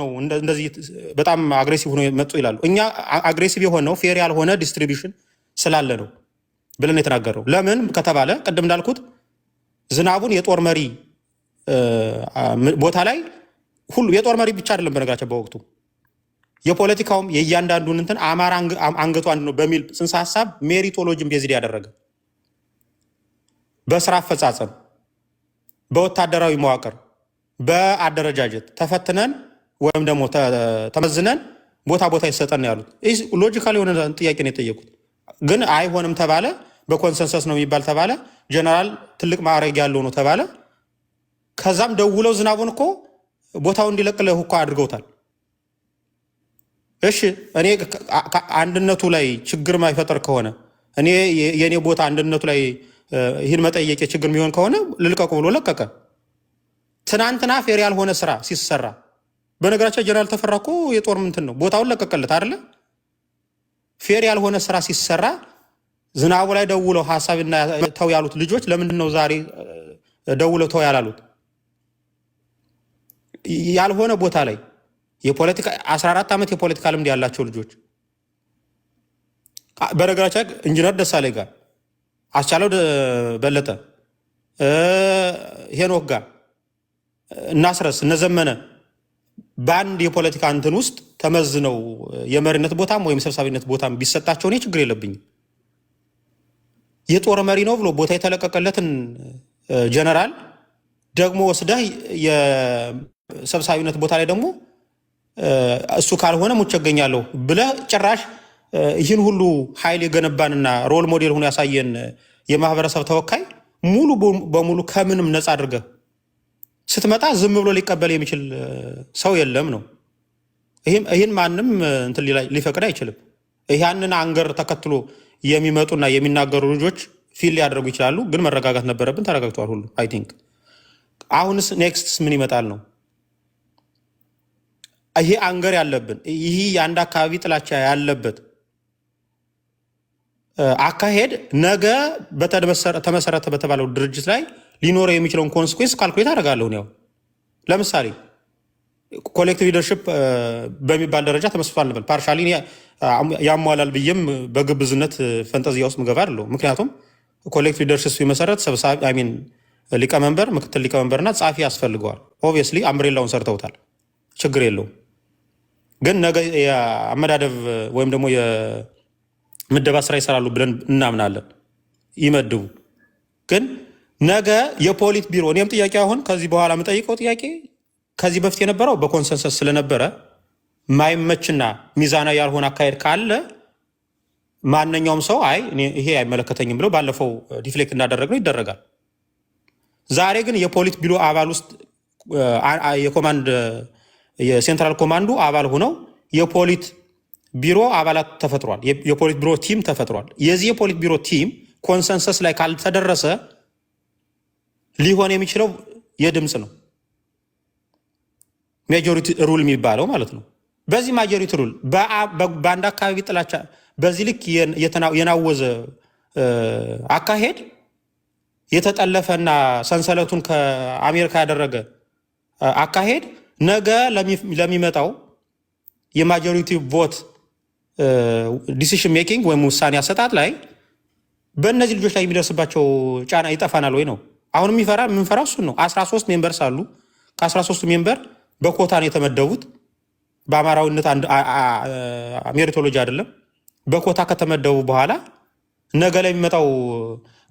ነው እንደዚህ በጣም አግሬሲቭ ሆኖ መጡ ይላሉ። እኛ አግሬሲቭ የሆነው ፌር ያልሆነ ዲስትሪቢሽን ስላለ ነው ብለን የተናገረው። ለምን ከተባለ ቅድም እንዳልኩት ዝናቡን የጦር መሪ ቦታ ላይ ሁሉ የጦር መሪ ብቻ አይደለም በነገራቸው በወቅቱ የፖለቲካውም የእያንዳንዱን እንትን አማራ አንገቱ አንድ ነው በሚል ጽንሰ ሀሳብ ሜሪቶሎጂን ቤዝድ ያደረገ በስራ አፈጻጸም፣ በወታደራዊ መዋቅር፣ በአደረጃጀት ተፈትነን ወይም ደግሞ ተመዝነን ቦታ ቦታ ይሰጠን ያሉት ሎጂካል የሆነ ጥያቄ ነው የጠየቁት። ግን አይሆንም ተባለ። በኮንሰንሰስ ነው የሚባል ተባለ። ጀነራል ትልቅ ማዕረግ ያለው ነው ተባለ። ከዛም ደውለው ዝናቡን እኮ ቦታው እንዲለቅለ እኮ አድርገውታል። እሺ እኔ አንድነቱ ላይ ችግር ማይፈጠር ከሆነ እኔ የእኔ ቦታ አንድነቱ ላይ ይህን መጠየቅ ችግር የሚሆን ከሆነ ልልቀቁ ብሎ ለቀቀ። ትናንትና ፌር ያልሆነ ስራ ሲሰራ በነገራቸው ጀነራል ተፈራ እኮ የጦር ምንትን ነው ቦታውን ለቀቀለት አይደለ? ፌር ያልሆነ ስራ ሲሰራ ዝናቡ ላይ ደውለው ሀሳብና ተው ያሉት ልጆች ለምንድን ነው ዛሬ ደውለው ተው ያላሉት? ያልሆነ ቦታ ላይ የፖለቲካ 14 ዓመት የፖለቲካ ልምድ ያላቸው ልጆች በነገራቸው ኢንጂነር ደሳለኝ ጋር አስቻለው በለጠ ሄኖክ ጋር እናስረስ እነዘመነ በአንድ የፖለቲካ እንትን ውስጥ ተመዝነው የመሪነት ቦታም ወይም ሰብሳቢነት ቦታም ቢሰጣቸው እኔ ችግር የለብኝም። የጦር መሪ ነው ብሎ ቦታ የተለቀቀለትን ጀነራል ደግሞ ወስደህ የሰብሳቢነት ቦታ ላይ ደግሞ እሱ ካልሆነ ሙች እገኛለሁ ብለህ ጭራሽ ይህን ሁሉ ኃይል የገነባንና ሮል ሞዴል ሆኖ ያሳየን የማህበረሰብ ተወካይ ሙሉ በሙሉ ከምንም ነፃ አድርገህ ስትመጣ ዝም ብሎ ሊቀበል የሚችል ሰው የለም ነው። ይህን ማንም እንትን ሊፈቅድ አይችልም። ያንን አንገር ተከትሎ የሚመጡና የሚናገሩ ልጆች ፊል ሊያደርጉ ይችላሉ፣ ግን መረጋጋት ነበረብን። ተረጋግቷል ሁሉ አይ ቲንክ። አሁንስ ኔክስትስ ምን ይመጣል ነው። ይሄ አንገር ያለብን ይህ የአንድ አካባቢ ጥላቻ ያለበት አካሄድ ነገ በተመሰረተ በተባለው ድርጅት ላይ ሊኖረው የሚችለውን ኮንስኩዌንስ ካልኩሌት አደርጋለሁ። ያው ለምሳሌ ኮሌክቲቭ ሊደርሽፕ በሚባል ደረጃ ተመስቷል ንበል ፓርሻሊ ያሟላል ብዬም በግብዝነት ፈንጠዚያ ውስጥ ምገባ አለ። ምክንያቱም ኮሌክቲቭ ሊደርሽፕ ሲመሰረት ሰብሳቢ ሚን ሊቀመንበር፣ ምክትል ሊቀመንበርና ጻፊ ያስፈልገዋል። ኦብቪየስሊ አምብሬላውን ሰርተውታል፣ ችግር የለውም። ግን ነገ የአመዳደብ ወይም ደግሞ የምደባ ስራ ይሰራሉ ብለን እናምናለን። ይመድቡ ግን ነገ የፖሊት ቢሮ እኔም ጥያቄ አሁን ከዚህ በኋላ የምጠይቀው ጥያቄ ከዚህ በፊት የነበረው በኮንሰንሰስ ስለነበረ ማይመችና ሚዛናዊ ያልሆነ አካሄድ ካለ ማንኛውም ሰው አይ ይሄ አይመለከተኝም ብሎ ባለፈው ዲፍሌክት ነው ይደረጋል። ዛሬ ግን የፖሊት ቢሮ አባል ውስጥ የኮማንድ የሴንትራል ኮማንዱ አባል ሆነው የፖሊት ቢሮ አባላት ተፈጥሯል። የፖሊት ቢሮ ቲም ተፈጥሯል። የዚህ የፖሊት ቢሮ ቲም ኮንሰንሰስ ላይ ካልተደረሰ ሊሆን የሚችለው የድምፅ ነው። ሜጆሪቲ ሩል የሚባለው ማለት ነው። በዚህ ማጆሪቲ ሩል በአንድ አካባቢ ጥላቻ በዚህ ልክ የናወዘ አካሄድ የተጠለፈና ሰንሰለቱን ከአሜሪካ ያደረገ አካሄድ ነገ ለሚመጣው የማጆሪቲ ቮት ዲሲሽን ሜኪንግ ወይም ውሳኔ አሰጣጥ ላይ በእነዚህ ልጆች ላይ የሚደርስባቸው ጫና ይጠፋናል ወይ ነው። አሁን የሚፈራ የምንፈራ እሱን ነው። አስራ ሜምበር ሳሉ ከ13ቱ ሜምበር በኮታ ነው የተመደቡት። በአማራዊነት ሜሪቶሎጂ አይደለም። በኮታ ከተመደቡ በኋላ ነገ ላይ የሚመጣው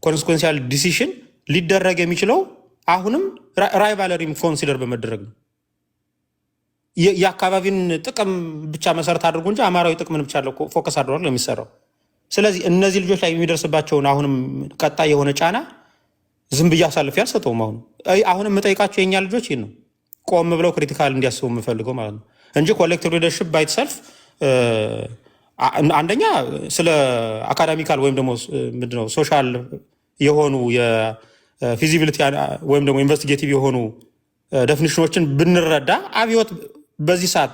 ኮንስኮንሲያል ዲሲሽን ሊደረግ የሚችለው አሁንም ራይቫለሪ ኮንሲደር በመደረግ ነው። የአካባቢን ጥቅም ብቻ መሰረት አድርጎ እንጂ አማራዊ ጥቅምን ብቻ ፎከስ አድርጓል የሚሰራው። ስለዚህ እነዚህ ልጆች ላይ የሚደርስባቸውን አሁንም ቀጣይ የሆነ ጫና ዝም ብዬ አሳልፌ አልሰጠውም። አሁን አሁንም የምጠይቃቸው የኛ ልጆች ይህን ነው ቆም ብለው ክሪቲካል እንዲያስቡ የምፈልገው ማለት ነው እንጂ ኮሌክቲቭ ሊደርሽፕ ሰልፍ አንደኛ ስለ አካዳሚካል ወይም ደግሞ ምንድነው ሶሻል የሆኑ የፊዚቢሊቲ ወይም ደግሞ ኢንቨስቲጌቲቭ የሆኑ ደፊኒሽኖችን ብንረዳ አብዮት በዚህ ሰዓት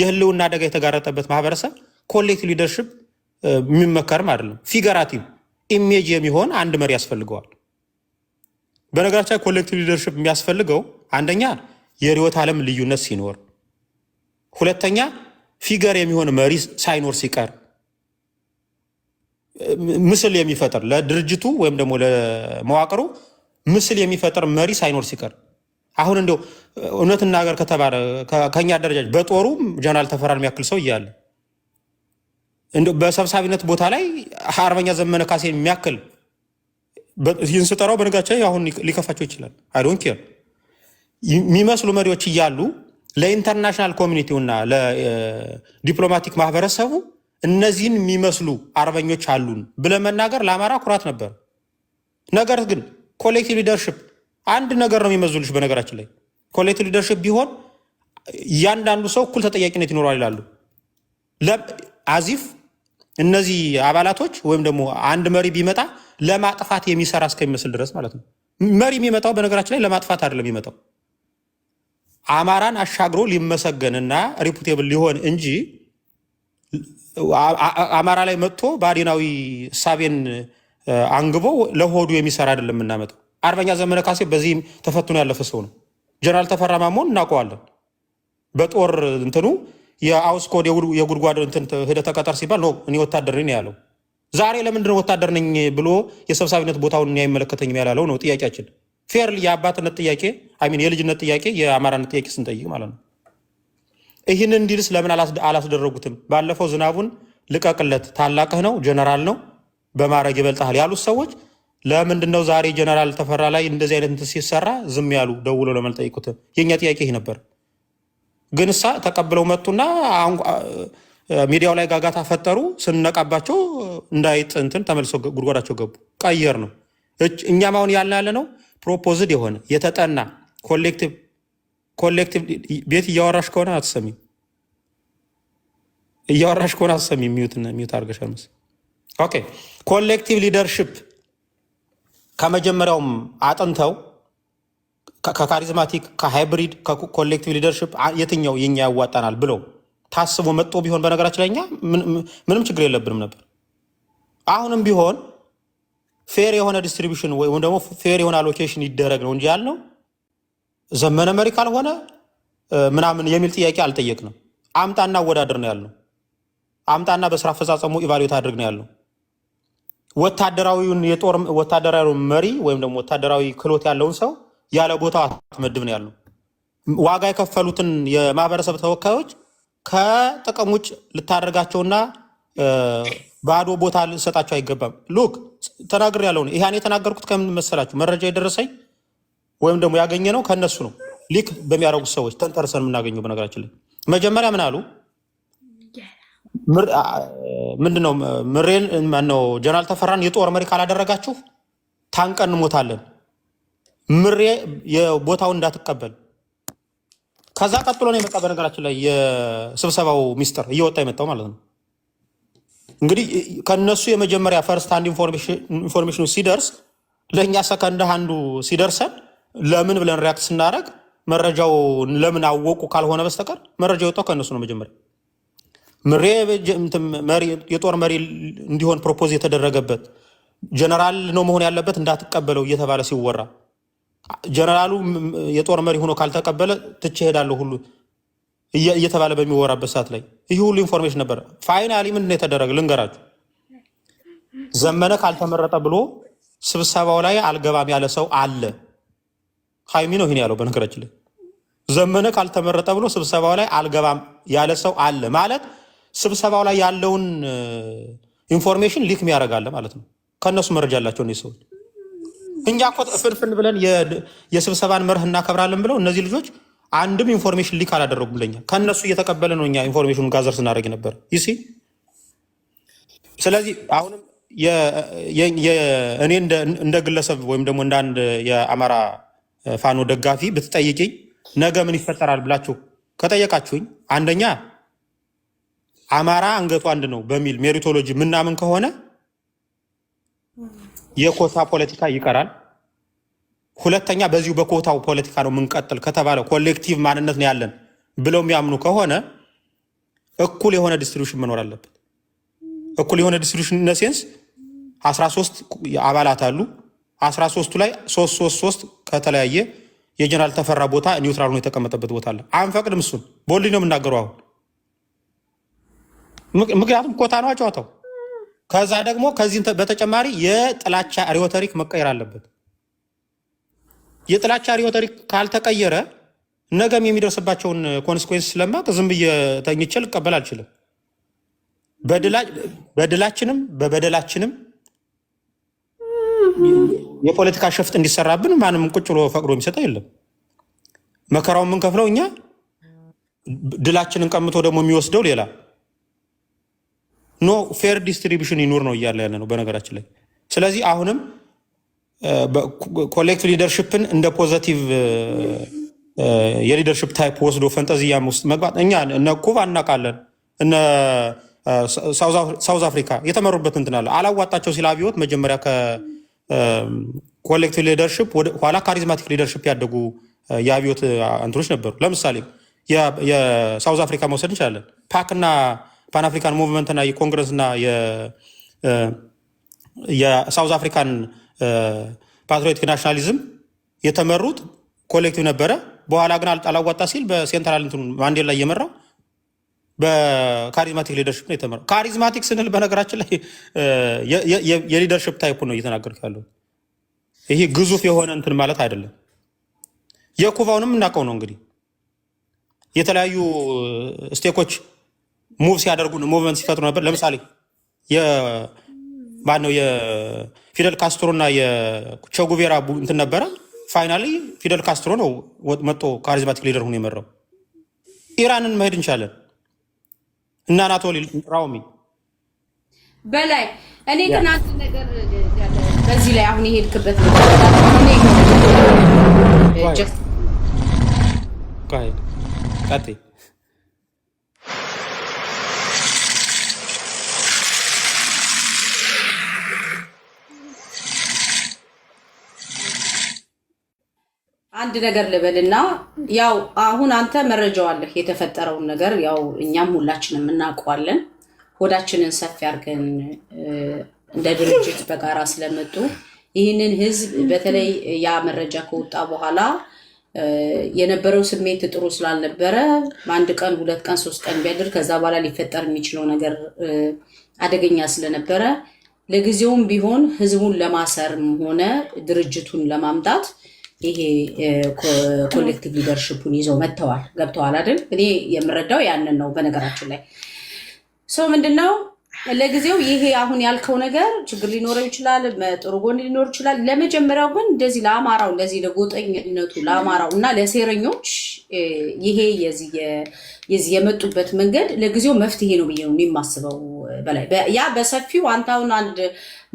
የህልውና አደጋ የተጋረጠበት ማህበረሰብ ኮሌክቲቭ ሊደርሽፕ የሚመከርም አይደለም። ፊገራቲቭ ኢሜጅ የሚሆን አንድ መሪ ያስፈልገዋል። በነገራችን ኮሌክቲቭ ሊደርሽፕ የሚያስፈልገው አንደኛ የርዕዮተ ዓለም ልዩነት ሲኖር፣ ሁለተኛ ፊገር የሚሆን መሪ ሳይኖር ሲቀር ምስል የሚፈጥር ለድርጅቱ ወይም ደግሞ ለመዋቅሩ ምስል የሚፈጥር መሪ ሳይኖር ሲቀር አሁን እንደው እውነት እናገር ከተባለ ከኛ አደረጃጅ በጦሩ ጀነራል ተፈራን የሚያክል ሰው እያለ በሰብሳቢነት ቦታ ላይ አርበኛ ዘመነ ካሴን የሚያክል ይህን ስጠራው በነጋቸው አሁን ሊከፋቸው ይችላል። አይዶን ኬር የሚመስሉ መሪዎች እያሉ ለኢንተርናሽናል ኮሚኒቲውና ለዲፕሎማቲክ ማህበረሰቡ እነዚህን የሚመስሉ አርበኞች አሉን ብለን መናገር ለአማራ ኩራት ነበር። ነገር ግን ኮሌክቲቭ ሊደርሽፕ አንድ ነገር ነው የሚመዙልሽ። በነገራችን ላይ ኮሌክቲቭ ሊደርሽፕ ቢሆን እያንዳንዱ ሰው እኩል ተጠያቂነት ይኖረዋል ይላሉ አዚፍ እነዚህ አባላቶች ወይም ደግሞ አንድ መሪ ቢመጣ ለማጥፋት የሚሰራ እስከሚመስል ድረስ ማለት ነው። መሪ የሚመጣው በነገራችን ላይ ለማጥፋት አይደለም የሚመጣው አማራን አሻግሮ ሊመሰገንና ሪፑቴብል ሊሆን እንጂ አማራ ላይ መጥቶ በአዴናዊ እሳቤን አንግቦ ለሆዱ የሚሰራ አይደለም የምናመጣው። አርበኛ ዘመነ ካሴ በዚህም ተፈትኖ ያለፈ ሰው ነው። ጀነራል ተፈራ ማሞን እናውቀዋለን። በጦር እንትኑ የአውስኮድ የጉድጓድ እንትን ሂደህ ተቀጠር ሲባል ነው እኔ ወታደር ነኝ ያለው። ዛሬ ለምንድነው ወታደር ነኝ ብሎ የሰብሳቢነት ቦታውን አይመለከተኝም ያላለው ነው ጥያቄያችን። ፌር የአባትነት ጥያቄ አይሚን የልጅነት ጥያቄ የአማራነት ጥያቄ ስንጠይቅ ማለት ነው። ይህን እንዲልስ ለምን አላስደረጉትም? ባለፈው ዝናቡን ልቀቅለት፣ ታላቅህ ነው፣ ጀነራል ነው፣ በማድረግ ይበልጣል ያሉት ሰዎች ለምንድነው ዛሬ ጀነራል ተፈራ ላይ እንደዚህ አይነት እንትን ሲሰራ ዝም ያሉ? ደውሎ ለምን የእኛ ጥያቄ ይህ ነበር። ግን እሳ ተቀብለው መጡና ሚዲያው ላይ ጋጋታ ፈጠሩ። ስንነቃባቸው እንዳይጥንትን ተመልሶ ጉድጓዳቸው ገቡ። ቀየር ነው። እኛም አሁን ያልን ያለ ነው ፕሮፖዝድ የሆነ የተጠና ኮሌክቲቭ ኮሌክቲቭ ቤት እያወራሽ ከሆነ አትሰሚ፣ እያወራሽ ከሆነ አትሰሚ። ሚዩት ሚዩት አድርገሻል መሰለኝ። ኦኬ ኮሌክቲቭ ሊደርሽፕ ከመጀመሪያውም አጥንተው ከካሪዝማቲክ ከሃይብሪድ ከኮሌክቲቭ ሊደርሽፕ የትኛው የኛ ያዋጣናል ብለው ታስቦ መጦ ቢሆን በነገራችን ላይ እኛ ምንም ችግር የለብንም ነበር። አሁንም ቢሆን ፌር የሆነ ዲስትሪቢሽን ወይም ደግሞ ፌር የሆነ አሎኬሽን ይደረግ ነው እንጂ ያልነው ዘመነ መሪ ካልሆነ ምናምን የሚል ጥያቄ አልጠየቅንም። አምጣና አወዳደር ነው ያልነው። አምጣና በስራ አፈጻጸሙ ኢቫሉዌት አድርግ ነው ያልነው። ወታደራዊውን የጦር ወታደራዊ መሪ ወይም ደግሞ ወታደራዊ ክህሎት ያለውን ሰው ያለ ቦታው አትመድብ ነው ያልነው። ዋጋ የከፈሉትን የማህበረሰብ ተወካዮች ከጥቅም ውጭ ልታደርጋቸውና ባዶ ቦታ ልሰጣቸው አይገባም። ሉክ ተናግር ያለው ነው። ይህን የተናገርኩት ከምን መሰላችሁ? መረጃ የደረሰኝ ወይም ደግሞ ያገኘ ነው ከእነሱ ነው። ሊክ በሚያደርጉት ሰዎች ተንጠርሰን የምናገኘው። በነገራችን ላይ መጀመሪያ ምን አሉ? ምንድነው ምሬን ነው ጀነራል ተፈራን የጦር መሪ ካላደረጋችሁ ታንቀን እንሞታለን። ምሬ የቦታውን እንዳትቀበል ከዛ ቀጥሎ ነው የመጣ በነገራችን ላይ የስብሰባው ሚስጥር እየወጣ የመጣው ማለት ነው። እንግዲህ ከነሱ የመጀመሪያ ፈርስት አንድ ኢንፎርሜሽኑ ሲደርስ ለእኛ ሰከንድ አንዱ ሲደርሰን ለምን ብለን ሪያክት ስናደርግ መረጃው ለምን አወቁ ካልሆነ በስተቀር መረጃ የወጣው ከእነሱ ነው። መጀመሪያ የጦር መሪ እንዲሆን ፕሮፖዝ የተደረገበት ጀነራል ነው መሆን ያለበት እንዳትቀበለው እየተባለ ሲወራ ጀነራሉ የጦር መሪ ሆኖ ካልተቀበለ ትቼ እሄዳለሁ ሁሉ እየተባለ በሚወራበት ሰዓት ላይ ይህ ሁሉ ኢንፎርሜሽን ነበረ። ፋይናሊ ምንድን ነው የተደረገ ልንገራችሁ። ዘመነ ካልተመረጠ ብሎ ስብሰባው ላይ አልገባም ያለ ሰው አለ። ሀይሚ ነው ይህን ያለው። በነገራችን ላይ ዘመነ ካልተመረጠ ብሎ ስብሰባው ላይ አልገባም ያለ ሰው አለ ማለት ስብሰባው ላይ ያለውን ኢንፎርሜሽን ሊክ ያደርጋል ማለት ነው። ከእነሱ መረጃ ያላቸው ሰዎች። እኛ እኮ ፍንፍን ብለን የስብሰባን መርህ እናከብራለን ብለው እነዚህ ልጆች አንድም ኢንፎርሜሽን ሊክ አላደረጉም። ለኛ ከእነሱ እየተቀበለ ነው እኛ ኢንፎርሜሽኑን ጋዘር ስናደርግ ነበር ይሲ ስለዚህ አሁንም እኔ እንደ ግለሰብ ወይም ደግሞ እንደ አንድ የአማራ ፋኖ ደጋፊ ብትጠይቅኝ ነገ ምን ይፈጠራል ብላችሁ ከጠየቃችሁኝ አንደኛ አማራ አንገቱ አንድ ነው በሚል ሜሪቶሎጂ ምናምን ከሆነ የኮታ ፖለቲካ ይቀራል። ሁለተኛ በዚሁ በኮታው ፖለቲካ ነው የምንቀጥል ከተባለ ኮሌክቲቭ ማንነት ነው ያለን ብለው የሚያምኑ ከሆነ እኩል የሆነ ዲስትሪቢሽን መኖር አለበት። እኩል የሆነ ዲስትሪቢሽን ነሴንስ 13 አባላት አሉ። 13ቱ ላይ 333 ከተለያየ የጀነራል ተፈራ ቦታ ኒውትራል ሆኖ የተቀመጠበት ቦታ አለ። አንፈቅድም። እሱን ቦልድ ነው የምናገረው አሁን ምክንያቱም ኮታ ነው ጨዋታው። ከዛ ደግሞ ከዚህ በተጨማሪ የጥላቻ ሪዮተሪክ መቀየር አለበት። የጥላቻ ሪዮተሪክ ካልተቀየረ ነገም የሚደርስባቸውን ኮንስኮንስ ስለማቅ ዝም ብዬ ተኝቼ ልቀበል አልችልም። በድላችንም በበደላችንም የፖለቲካ ሸፍጥ እንዲሰራብን ማንም ቁጭ ብሎ ፈቅዶ የሚሰጠው የለም። መከራውን የምንከፍለው እኛ፣ ድላችንን ቀምቶ ደግሞ የሚወስደው ሌላ ኖ ፌር ዲስትሪቢሽን ይኑር ነው እያለ ያለ ነው በነገራችን ላይ። ስለዚህ አሁንም ኮሌክት ሊደርሽፕን እንደ ፖዘቲቭ የሊደርሽፕ ታይፕ ወስዶ ፈንጠዚያም ውስጥ መግባት እኛ እነ ኩባ እናውቃለን፣ እነ ሳውዝ አፍሪካ የተመሩበት እንትን አለ አላዋጣቸው ሲል አብዮት መጀመሪያ ኮሌክቲቭ ሊደርሽፕ ኋላ ካሪዝማቲክ ሊደርሽፕ ያደጉ የአብዮት እንትኖች ነበሩ። ለምሳሌ የሳውዝ አፍሪካ መውሰድ እንችላለን ፓክና ፓን አፍሪካን ሙቭመንትና የኮንግረስና የሳውዝ አፍሪካን ፓትሪዮቲክ ናሽናሊዝም የተመሩት ኮሌክቲቭ ነበረ። በኋላ ግን አላዋጣ ሲል በሴንትራል እንትኑ ማንዴላ እየመራው በካሪዝማቲክ ሊደርሽፕ ነው የተመራው። ካሪዝማቲክ ስንል በነገራችን ላይ የሊደርሽፕ ታይፕ ነው እየተናገርኩ ያለው። ይሄ ግዙፍ የሆነ እንትን ማለት አይደለም። የኩባውንም እናውቀው ነው እንግዲህ የተለያዩ ስቴኮች ሙቭ ሲያደርጉ ሙቭመንት ሲፈጥሩ ነበር። ለምሳሌ ማነው የፊደል ካስትሮ እና የቸጉቬራ እንትን ነበረ። ፋይናሊ ፊደል ካስትሮ ነው መጦ ካሪዝማቲክ ሊደር ሆኖ የመራው። ኢራንን መሄድ እንቻለን እና አናቶሊ ራውሚ በላይ እኔ ግን አንድ ነገር በዚህ ላይ አሁን የሄድክበት ቀጥይ አንድ ነገር ልበልና ያው አሁን አንተ መረጃዋለህ የተፈጠረውን ነገር ያው እኛም ሁላችንም እናውቀዋለን። ሆዳችንን ሰፊ አድርገን እንደ ድርጅት በጋራ ስለመጡ ይህንን ህዝብ በተለይ ያ መረጃ ከወጣ በኋላ የነበረው ስሜት ጥሩ ስላልነበረ አንድ ቀን ሁለት ቀን ሶስት ቀን ቢያድር ከዛ በኋላ ሊፈጠር የሚችለው ነገር አደገኛ ስለነበረ ለጊዜውም ቢሆን ህዝቡን ለማሰርም ሆነ ድርጅቱን ለማምጣት ይሄ ኮሌክቲቭ ሊደርሽፑን ይዘው መጥተዋል ገብተዋል አይደል? እኔ የምረዳው ያንን ነው። በነገራችን ላይ ሰው ምንድነው ነው ለጊዜው ይሄ አሁን ያልከው ነገር ችግር ሊኖረው ይችላል፣ ጥሩ ጎን ሊኖር ይችላል። ለመጀመሪያው ግን እንደዚህ ለአማራው እንደዚህ ለጎጠኝነቱ ለአማራው እና ለሴረኞች ይሄ የዚህ የመጡበት መንገድ ለጊዜው መፍትሄ ነው ብዬ ነው የማስበው። በላይ ያ በሰፊው አንታውን አንድ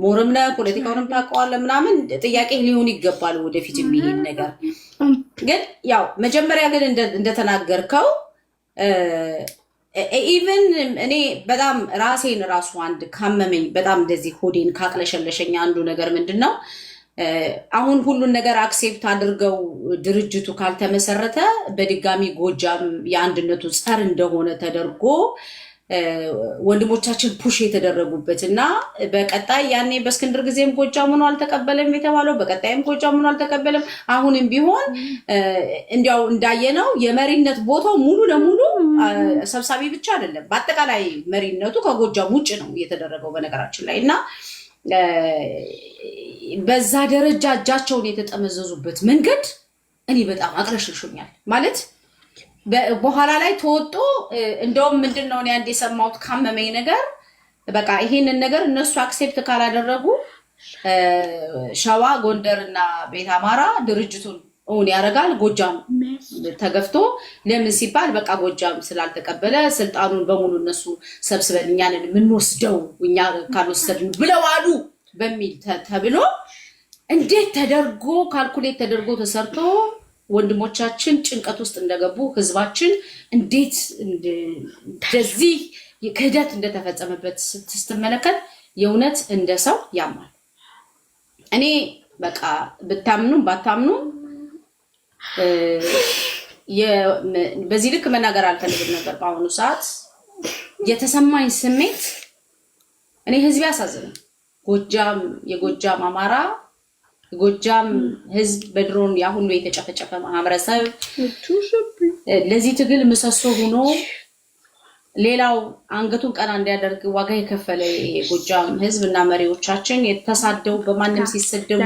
ሞርም ነህ ፖለቲካውንም ታውቀዋለህ ምናምን ጥያቄ ሊሆን ይገባል ወደፊት የሚሄድ ነገር ግን ያው መጀመሪያ ግን እንደተናገርከው ኢቨን e, e, um, እኔ በጣም ራሴን ራሱ አንድ ካመመኝ በጣም እንደዚህ ሆዴን ካቅለሸለሸኝ አንዱ ነገር ምንድን ነው፣ አሁን ሁሉን ነገር አክሴፕት አድርገው ድርጅቱ ካልተመሰረተ በድጋሚ ጎጃም የአንድነቱ ጸር እንደሆነ ተደርጎ ወንድሞቻችን ፑሽ የተደረጉበት እና በቀጣይ ያኔ በእስክንድር ጊዜም ጎጃም ሆኖ አልተቀበለም የተባለው በቀጣይም ጎጃም ሆኖ አልተቀበለም። አሁንም ቢሆን እንዲያው እንዳየነው የመሪነት ቦታው ሙሉ ለሙሉ ሰብሳቢ ብቻ አይደለም፣ በአጠቃላይ መሪነቱ ከጎጃም ውጭ ነው የተደረገው በነገራችን ላይ እና በዛ ደረጃ እጃቸውን የተጠመዘዙበት መንገድ እኔ በጣም አቅለሽልሾኛል ማለት በኋላ ላይ ተወጦ እንደውም ምንድን ነው አንድ የሰማሁት ካመመኝ ነገር በቃ ይሄንን ነገር እነሱ አክሴፕት ካላደረጉ ሸዋ፣ ጎንደር እና ቤት አማራ ድርጅቱን እውን ያደርጋል። ጎጃም ተገፍቶ ለምን ሲባል በቃ ጎጃም ስላልተቀበለ ስልጣኑን በሙሉ እነሱ ሰብስበን እኛንን የምንወስደው እኛ ካልወሰድን ብለው አሉ በሚል ተብሎ እንዴት ተደርጎ ካልኩሌት ተደርጎ ተሰርቶ ወንድሞቻችን ጭንቀት ውስጥ እንደገቡ ህዝባችን እንዴት እንደዚህ ክህደት እንደተፈጸመበት ስትመለከት የእውነት እንደ ሰው ያማል። እኔ በቃ ብታምኑም ባታምኑም በዚህ ልክ መናገር አልፈልግም ነበር። በአሁኑ ሰዓት የተሰማኝ ስሜት እኔ ህዝብ ያሳዝነ ጎጃም የጎጃም አማራ ጎጃም ህዝብ በድሮን ያ ሁሉ የተጨፈጨፈ ማህበረሰብ ለዚህ ትግል ምሰሶ ሆኖ ሌላው አንገቱን ቀና እንዲያደርግ ዋጋ የከፈለ የጎጃም ህዝብ እና መሪዎቻችን የተሳደው በማንም ሲሰደቡ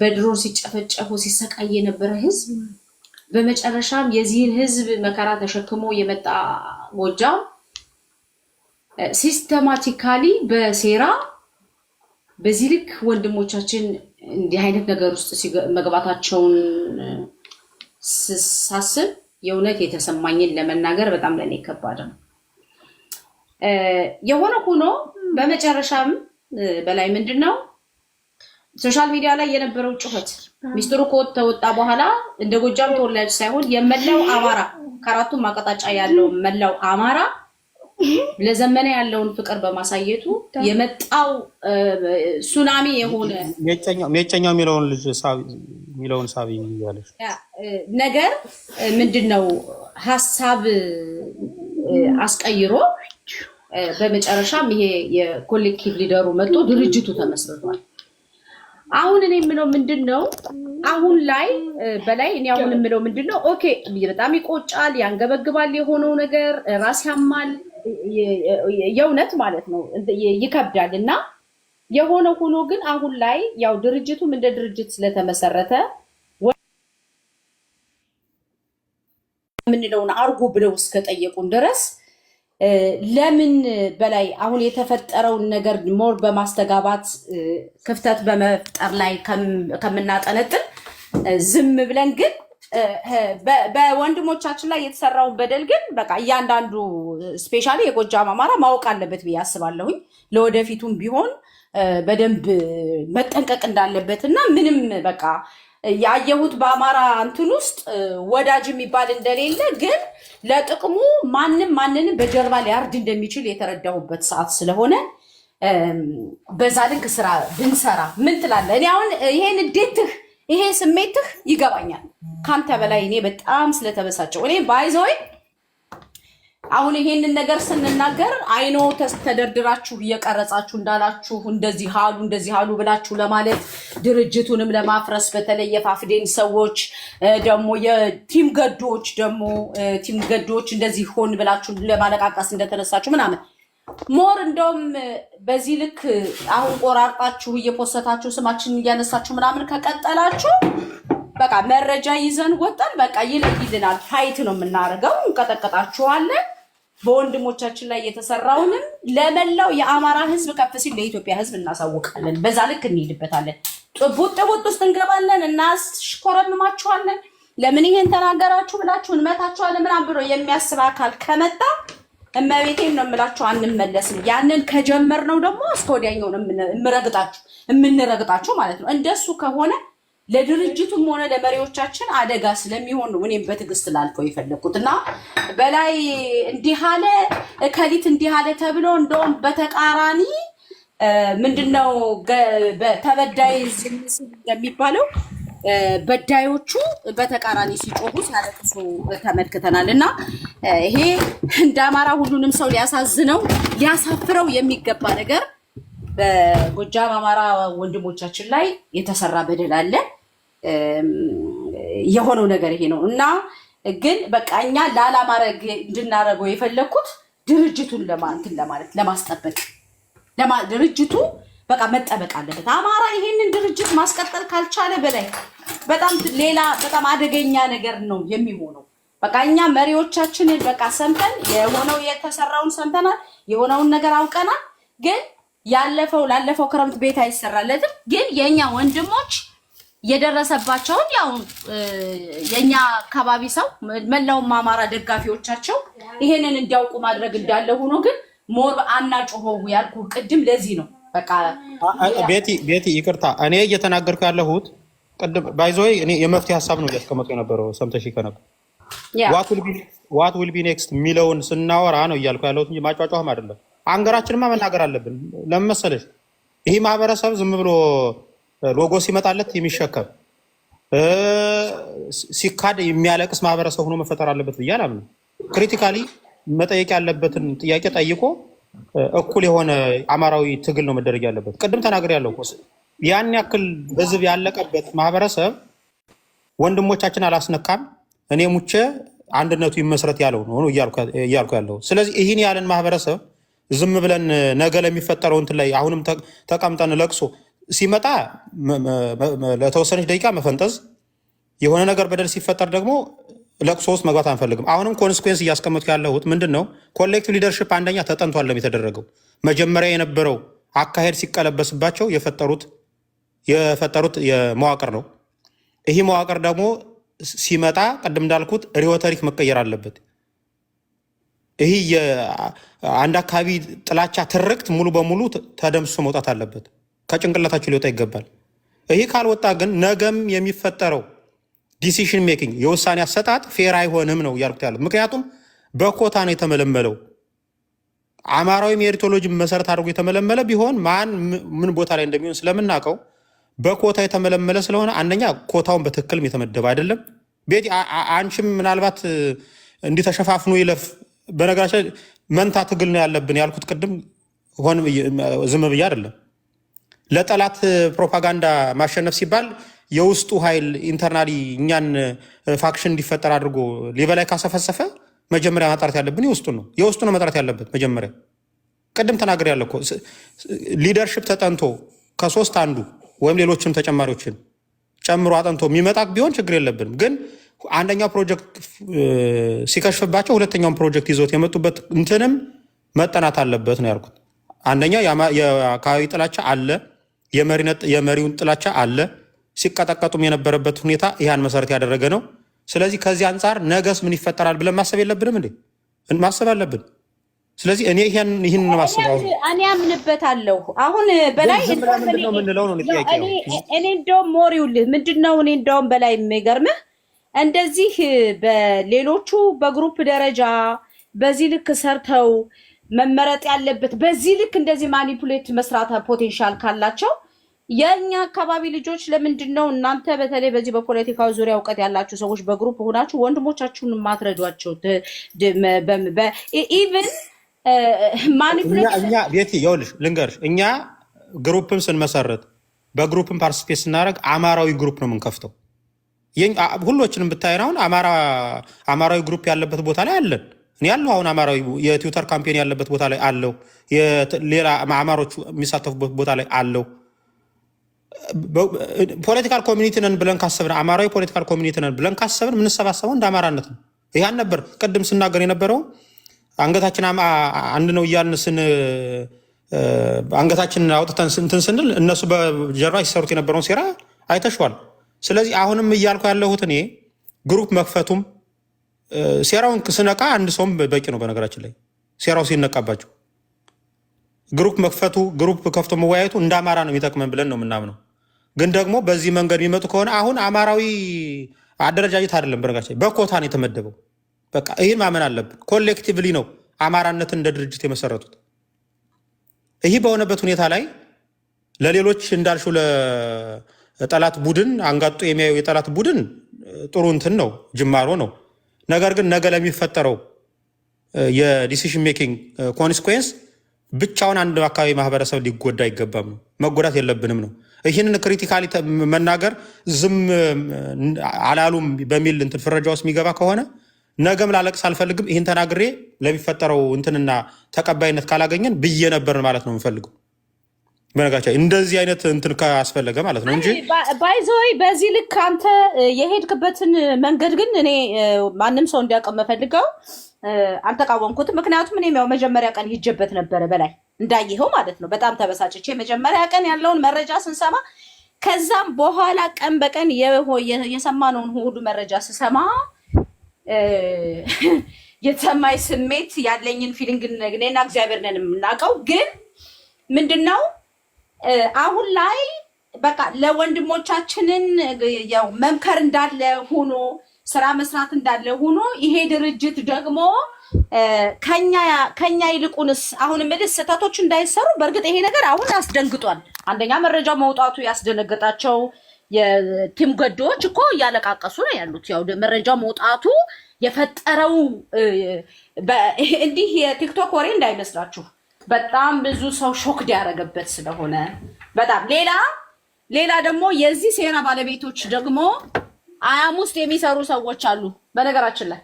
በድሮን ሲጨፈጨፉ ሲሰቃይ የነበረ ህዝብ በመጨረሻም የዚህን ህዝብ መከራ ተሸክሞ የመጣ ጎጃም ሲስተማቲካሊ በሴራ በዚህ ልክ ወንድሞቻችን እንዲህ አይነት ነገር ውስጥ መግባታቸውን ስሳስብ የእውነት የተሰማኝን ለመናገር በጣም ለእኔ ከባድ ነው። የሆነ ሆኖ በመጨረሻም በላይ ምንድን ነው ሶሻል ሚዲያ ላይ የነበረው ጩኸት ሚስጥሩ ከተወጣ በኋላ እንደ ጎጃም ተወላጅ ሳይሆን የመላው አማራ ከአራቱም አቅጣጫ ያለው መላው አማራ ለዘመነ ያለውን ፍቅር በማሳየቱ የመጣው ሱናሚ የሆነ ሜጨኛው የሚለውን ልጅ የሚለውን ሳቢ ነገር ምንድን ነው ሀሳብ አስቀይሮ በመጨረሻም ይሄ የኮሌክቲቭ ሊደሩ መጥቶ ድርጅቱ ተመስርቷል። አሁን እኔ የምለው ምንድን ነው አሁን ላይ በላይ እኔ አሁን የምለው ምንድን ነው ኦኬ፣ በጣም ይቆጫል፣ ያንገበግባል፣ የሆነው ነገር ራስ ያማል የእውነት ማለት ነው ይከብዳል እና የሆነ ሆኖ ግን አሁን ላይ ያው ድርጅቱም እንደ ድርጅት ስለተመሰረተ የምንለውን አርጎ ብለው እስከጠየቁን ድረስ ለምን በላይ አሁን የተፈጠረውን ነገር ሞር በማስተጋባት ክፍተት በመፍጠር ላይ ከምናጠነጥን ዝም ብለን ግን በወንድሞቻችን ላይ የተሰራውን በደል ግን በቃ እያንዳንዱ ስፔሻሊ የጎጃም አማራ ማወቅ አለበት ብዬ አስባለሁኝ። ለወደፊቱም ቢሆን በደንብ መጠንቀቅ እንዳለበት እና ምንም በቃ ያየሁት በአማራ እንትን ውስጥ ወዳጅ የሚባል እንደሌለ ግን ለጥቅሙ ማንም ማንንም በጀርባ ሊያርድ እንደሚችል የተረዳሁበት ሰዓት ስለሆነ በዛ ልክ ስራ ብንሰራ ምን ትላለህ? እኔ አሁን ይሄን እንዴትህ ይሄ ስሜትህ ይገባኛል። ከአንተ በላይ እኔ በጣም ስለተበሳጨው እኔ ባይዘወይ አሁን ይሄንን ነገር ስንናገር አይኖ ተደርድራችሁ እየቀረጻችሁ እንዳላችሁ እንደዚህ አሉ እንደዚህ አሉ ብላችሁ ለማለት ድርጅቱንም ለማፍረስ በተለይ የፋፍዴን ሰዎች ደግሞ የቲም ገዶች ደግሞ ቲም ገዶች እንደዚህ ሆን ብላችሁ ለማለቃቀስ እንደተነሳችሁ ምናምን ሞር እንደውም በዚህ ልክ አሁን ቆራርጣችሁ እየፖሰታችሁ ስማችን እያነሳችሁ ምናምን ከቀጠላችሁ በቃ መረጃ ይዘን ወጠን በቃ ይለይልናል። ታይት ነው የምናደርገው። እንቀጠቀጣችኋለን። በወንድሞቻችን ላይ የተሰራውንም ለመላው የአማራ ሕዝብ ከፍ ሲል ለኢትዮጵያ ሕዝብ እናሳውቃለን። በዛ ልክ እንሄድበታለን። ጥቡጥ ቡጥ ውስጥ እንገባለን፣ እናሽኮረምማችኋለን። ለምን ይህን ተናገራችሁ ብላችሁ እንመታችኋለን ምናምን ብሎ የሚያስብ አካል ከመጣ እመቤቴን ነው የምላችሁ፣ አንመለስም። ያንን ከጀመር ነው ደግሞ እስከ ወዲያኛው የምረግጣችሁ የምንረግጣችሁ ማለት ነው። እንደሱ ከሆነ ለድርጅቱም ሆነ ለመሪዎቻችን አደጋ ስለሚሆን ነው እኔም በትዕግስት ላልፈው የፈለግኩት እና በላይ እንዲህ አለ እከሊት እንዲህ አለ ተብሎ እንደውም በተቃራኒ ምንድነው ተበዳይ የሚባለው በዳዮቹ በተቃራኒ ሲጮሁ ሲያለቅሱ ተመልክተናል እና ይሄ እንደ አማራ ሁሉንም ሰው ሊያሳዝነው ሊያሳፍረው የሚገባ ነገር በጎጃም አማራ ወንድሞቻችን ላይ የተሰራ በደል አለ። የሆነው ነገር ይሄ ነው እና ግን በቃ እኛ ላላማረግ እንድናረገው የፈለግኩት ድርጅቱን ለማንትን ለማለት ለማስጠበቅ ድርጅቱ በቃ መጠበቅ አለበት። አማራ ይሄንን ድርጅት ማስቀጠል ካልቻለ በላይ በጣም ሌላ በጣም አደገኛ ነገር ነው የሚሆነው። በቃ እኛ መሪዎቻችንን በቃ ሰምተን የሆነው የተሰራውን ሰምተናል፣ የሆነውን ነገር አውቀናል። ግን ያለፈው ላለፈው ክረምት ቤት አይሰራለትም። ግን የእኛ ወንድሞች የደረሰባቸውን ያው የእኛ አካባቢ ሰው መላውም አማራ ደጋፊዎቻቸው ይሄንን እንዲያውቁ ማድረግ እንዳለ ሆኖ ግን ሞር አናጮኸው ያልኩ ቅድም ለዚህ ነው። ቤቲ ቤቲ ይቅርታ፣ እኔ እየተናገርኩ ያለሁት ቅድም ባይዞ እኔ የመፍትሄ ሀሳብ ነው እያስቀመጡ የነበረው ሰምተሽ ከነበር ዋት ዊል ቢ ኔክስት የሚለውን ስናወራ ነው እያልኩ ያለሁት እንጂ ማጫጫም አይደለም። አንገራችንማ መናገር አለብን። ለምን መሰለሽ ይህ ማህበረሰብ ዝም ብሎ ሎጎ ሲመጣለት የሚሸከም ሲካድ የሚያለቅስ ማህበረሰብ ሆኖ መፈጠር አለበት ብዬ አላምንም። ክሪቲካሊ መጠየቅ ያለበትን ጥያቄ ጠይቆ እኩል የሆነ አማራዊ ትግል ነው መደረግ ያለበት። ቅድም ተናግሬ ያለው ያን ያክል ህዝብ ያለቀበት ማህበረሰብ ወንድሞቻችን አላስነካም እኔ ሙቼ አንድነቱ ይመስረት ያለው ነው እያልኩ ያለው። ስለዚህ ይህን ያለን ማህበረሰብ ዝም ብለን ነገ ለሚፈጠረው እንትን ላይ አሁንም ተቀምጠን ለቅሶ ሲመጣ ለተወሰነች ደቂቃ መፈንጠዝ፣ የሆነ ነገር በደል ሲፈጠር ደግሞ ለቅሶ ውስጥ መግባት አንፈልግም። አሁንም ኮንስኩዌንስ እያስቀመጥኩ ያለሁት ምንድን ነው፣ ኮሌክቲቭ ሊደርሽፕ አንደኛ ተጠንቷል የተደረገው መጀመሪያ የነበረው አካሄድ ሲቀለበስባቸው የፈጠሩት የመዋቅር ነው። ይህ መዋቅር ደግሞ ሲመጣ ቅድም እንዳልኩት ርዕዮተ ታሪክ መቀየር አለበት። ይህ የአንድ አካባቢ ጥላቻ ትርክት ሙሉ በሙሉ ተደምሶ መውጣት አለበት። ከጭንቅላታችሁ ሊወጣ ይገባል። ይህ ካልወጣ ግን ነገም የሚፈጠረው ዲሲሽን ሜኪንግ የውሳኔ አሰጣጥ ፌር አይሆንም ነው እያልኩት ያሉት። ምክንያቱም በኮታ ነው የተመለመለው። አማራዊ ሜሪቶሎጂ መሰረት አድርጎ የተመለመለ ቢሆን ማን ምን ቦታ ላይ እንደሚሆን ስለምናውቀው በኮታ የተመለመለ ስለሆነ አንደኛ ኮታውን በትክክልም የተመደበ አይደለም። ቤቲ አንቺም ምናልባት እንዲህ ተሸፋፍኖ ይለፍ። በነገራችን መንታ ትግል ነው ያለብን ያልኩት ቅድም ሆን ዝም ብዬ አይደለም። ለጠላት ፕሮፓጋንዳ ማሸነፍ ሲባል የውስጡ ኃይል ኢንተርናሊ እኛን ፋክሽን እንዲፈጠር አድርጎ ሊበላይ ካሰፈሰፈ መጀመሪያ ማጥራት ያለብን የውስጡ ነው። የውስጡ ነው መጥራት ያለበት መጀመሪያ። ቅድም ተናግሬ ያለ እኮ ሊደርሽፕ ተጠንቶ ከሶስት አንዱ ወይም ሌሎችም ተጨማሪዎችን ጨምሮ አጠንቶ የሚመጣ ቢሆን ችግር የለብንም። ግን አንደኛው ፕሮጀክት ሲከሽፍባቸው ሁለተኛውን ፕሮጀክት ይዞት የመጡበት እንትንም መጠናት አለበት ነው ያልኩት። አንደኛ የአካባቢ ጥላቻ አለ፣ የመሪውን ጥላቻ አለ። ሲቀጠቀጡም የነበረበት ሁኔታ ይህን መሰረት ያደረገ ነው። ስለዚህ ከዚህ አንጻር ነገስ ምን ይፈጠራል ብለን ማሰብ የለብንም እንዴ? ማሰብ አለብን። ስለዚህ እኔ ይህን ማስበው እኔ አምንበታለሁ። አሁን በላይ ምንለው ነው እኔ እንደውም ሞር ይኸውልህ ምንድነው እኔ እንደውም በላይ የሚገርምህ እንደዚህ በሌሎቹ በግሩፕ ደረጃ በዚህ ልክ ሰርተው መመረጥ ያለበት በዚህ ልክ እንደዚህ ማኒፑሌት መስራት ፖቴንሻል ካላቸው የእኛ አካባቢ ልጆች ለምንድን ነው እናንተ በተለይ በዚህ በፖለቲካው ዙሪያ እውቀት ያላችሁ ሰዎች በግሩፕ ሆናችሁ ወንድሞቻችሁን ማትረዷቸው ኢቭን እኛ ቤቲ ይኸውልሽ ልንገርሽ፣ እኛ ግሩፕም ስንመሰረት በግሩፕም ፓርቲስፔት ስናደርግ አማራዊ ግሩፕ ነው የምንከፍተው። ሁሎችንም ብታይን አሁን አማራዊ ግሩፕ ያለበት ቦታ ላይ አለን። እኔ ያለው አሁን አማራዊ የትዊተር ካምፔን ያለበት ቦታ ላይ አለው። ሌላ አማሮቹ የሚሳተፉበት ቦታ ላይ አለው። ፖለቲካል ኮሚኒቲ ነን ብለን ካሰብን አማራዊ ፖለቲካል ኮሚኒቲ ነን ብለን ካሰብን የምንሰባሰበው እንደ አማራነት ነው። ይህን ነበር ቅድም ስናገር የነበረው አንገታችን አንድ ነው እያን ስን አንገታችን አውጥተን ስንትን ስንል እነሱ በጀርባ ሲሰሩት የነበረውን ሴራ አይተሸዋል። ስለዚህ አሁንም እያልኩ ያለሁት እኔ ግሩፕ መክፈቱም ሴራውን ስነቃ አንድ ሰውም በቂ ነው። በነገራችን ላይ ሴራው ሲነቃባቸው ግሩፕ መክፈቱ ግሩፕ ከፍቶ መወያየቱ እንደ አማራ ነው የሚጠቅመን ብለን ነው የምናምነው። ግን ደግሞ በዚህ መንገድ የሚመጡ ከሆነ አሁን አማራዊ አደረጃጀት አይደለም በነገራችን ላይ በኮታ ነው የተመደበው በቃ ይህን ማመን አለብን። ኮሌክቲቭሊ ነው አማራነትን እንደ ድርጅት የመሰረቱት። ይህ በሆነበት ሁኔታ ላይ ለሌሎች እንዳልሹ ለጠላት ቡድን አንጋጦ የሚያየው የጠላት ቡድን ጥሩ እንትን ነው ጅማሮ ነው። ነገር ግን ነገ ለሚፈጠረው የዲሲሽን ሜኪንግ ኮንስኩዌንስ ብቻውን አንድ አካባቢ ማህበረሰብ ሊጎዳ አይገባም ነው መጎዳት የለብንም ነው። ይህንን ክሪቲካሊ መናገር ዝም አላሉም በሚል እንትን ፍረጃ ውስጥ የሚገባ ከሆነ ነገም ላለቅስ አልፈልግም። ይህን ተናግሬ ለሚፈጠረው እንትንና ተቀባይነት ካላገኘን ብዬ ነበር ማለት ነው የምፈልገው። በነጋቻ እንደዚህ አይነት እንትን ካስፈለገ ማለት ነው እንጂ ባይዘወይ በዚህ ልክ አንተ የሄድክበትን መንገድ ግን እኔ ማንም ሰው እንዲያውቀው መፈልገው አልተቃወምኩትም። ምክንያቱም እኔም ያው መጀመሪያ ቀን ሂጀበት ነበረ በላይ እንዳየኸው ማለት ነው። በጣም ተበሳጭቼ መጀመሪያ ቀን ያለውን መረጃ ስንሰማ ከዛም በኋላ ቀን በቀን የሰማነውን ሁሉ መረጃ ስሰማ የተማይ ስሜት ያለኝን ፊሊንግ እኔና እግዚአብሔር ነን የምናውቀው። ግን ምንድነው አሁን ላይ በቃ ለወንድሞቻችንን ያው መምከር እንዳለ ሆኖ ስራ መስራት እንዳለ ሆኖ ይሄ ድርጅት ደግሞ ከኛ ይልቁንስ አሁን ምልስ ስህተቶች እንዳይሰሩ በእርግጥ ይሄ ነገር አሁን አስደንግጧል። አንደኛ መረጃው መውጣቱ ያስደነገጣቸው የቲም ገዶዎች እኮ እያለቃቀሱ ነው ያሉት። ያው መረጃ መውጣቱ የፈጠረው እንዲህ የቲክቶክ ወሬ እንዳይመስላችሁ በጣም ብዙ ሰው ሾክድ ያደረገበት ስለሆነ በጣም ሌላ ሌላ ደግሞ የዚህ ሴራ ባለቤቶች ደግሞ አያም ውስጥ የሚሰሩ ሰዎች አሉ። በነገራችን ላይ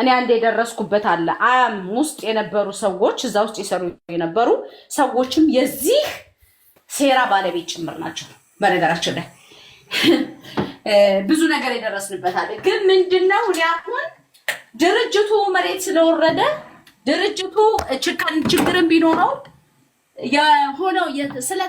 እኔ አንድ የደረስኩበት አለ። አያም ውስጥ የነበሩ ሰዎች እዛ ውስጥ የሰሩ የነበሩ ሰዎችም የዚህ ሴራ ባለቤት ጭምር ናቸው። በነገራችን ላይ Eh, ብዙ ነገር የደረስንበታል። ግን ምንድነው አሁን ድርጅቱ መሬት ስለወረደ ድርጅቱ ችግርን ቢኖረው የሆነው